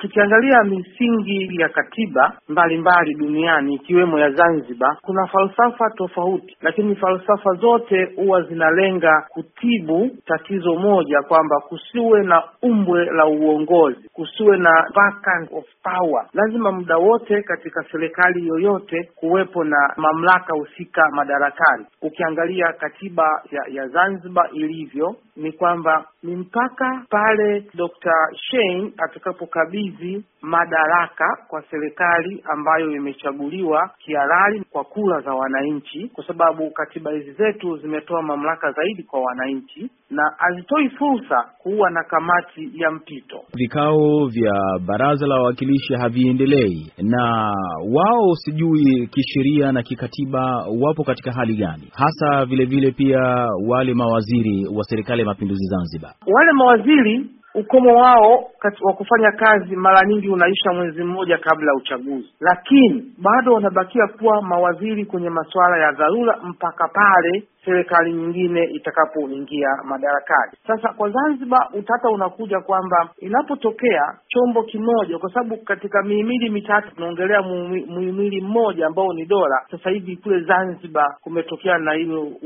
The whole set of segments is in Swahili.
Tukiangalia misingi ya katiba mbalimbali duniani ikiwemo ya Zanzibar, kuna falsafa tofauti, lakini falsafa zote huwa zinalenga kutibu tatizo moja, kwamba kusiwe na umbwe la uongozi, kusiwe na vacant of power. Lazima muda wote katika serikali yoyote kuwepo na mamlaka husika madarakani. Ukiangalia katiba ya, ya Zanzibar ilivyo ni kwamba ni mpaka pale Dr. Shein atakapokabidhi kukabidhi madaraka kwa serikali ambayo imechaguliwa kihalali kwa kura za wananchi, kwa sababu katiba hizi zetu zimetoa mamlaka zaidi kwa wananchi na hazitoi fursa kuwa na kamati ya mpito. Vikao vya baraza la wawakilishi haviendelei, na wao sijui kisheria na kikatiba wapo katika hali gani hasa. Vilevile vile pia wale mawaziri wa serikali ya mapinduzi Zanzibar, wale mawaziri ukomo wao wa kufanya kazi mara nyingi unaisha mwezi mmoja kabla ya uchaguzi, lakini bado wanabakia kuwa mawaziri kwenye masuala ya dharura mpaka pale serikali nyingine itakapoingia madarakani. Sasa kwa Zanzibar, utata unakuja kwamba inapotokea chombo kimoja, kwa sababu katika mihimili mitatu tunaongelea muhimili mmoja ambao ni dola. Sasa hivi kule Zanzibar kumetokea na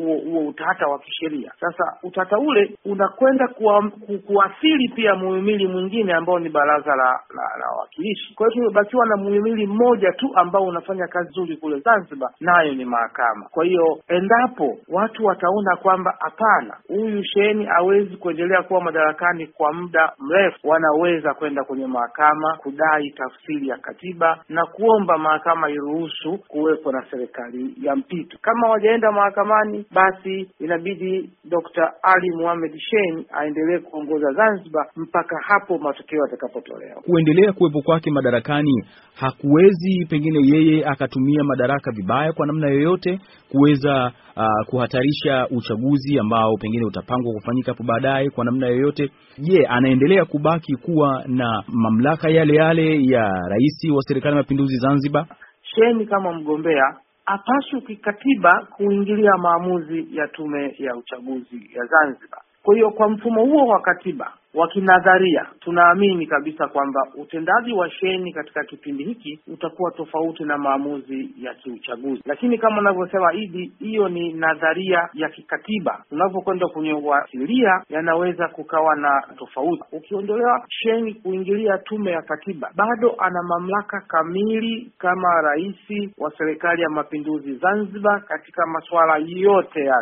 huo utata wa kisheria. Sasa utata ule unakwenda kuathiri pia mhimili mwingine ambao ni baraza la la wawakilishi. Kwa hiyo tumebakiwa na mhimili mmoja tu ambao unafanya kazi nzuri kule Zanzibar, nayo ni mahakama. Kwa hiyo endapo watu wataona kwamba hapana, huyu Sheni hawezi kuendelea kuwa madarakani kwa muda mrefu, wanaweza kwenda kwenye mahakama kudai tafsiri ya katiba na kuomba mahakama iruhusu kuwepo na serikali ya mpito. Kama wajaenda mahakamani, basi inabidi Dr. Ali Mohamed Shein aendelee kuongoza Zanzibar mpaka hapo matokeo yatakapotolewa. Kuendelea kuwepo kwake madarakani, hakuwezi pengine yeye akatumia madaraka vibaya kwa namna yoyote kuweza uh, kuhatarisha uchaguzi ambao pengine utapangwa kufanyika hapo baadaye kwa namna yoyote. Je, anaendelea kubaki kuwa na mamlaka yale yale ya rais wa serikali ya mapinduzi Zanzibar? Sheni kama mgombea hapaswi kikatiba kuingilia maamuzi ya tume ya uchaguzi ya Zanzibar. Kwa hiyo kwa mfumo huo wa katiba wa kinadharia, tunaamini kabisa kwamba utendaji wa sheni katika kipindi hiki utakuwa tofauti na maamuzi ya kiuchaguzi. Lakini kama unavyosema Idi, hiyo ni nadharia ya kikatiba. Unavyokwenda kwenye uasilia, yanaweza kukawa na tofauti. Ukiondolewa sheni kuingilia tume ya katiba, bado ana mamlaka kamili kama rais wa serikali ya mapinduzi Zanzibar katika masuala yote ya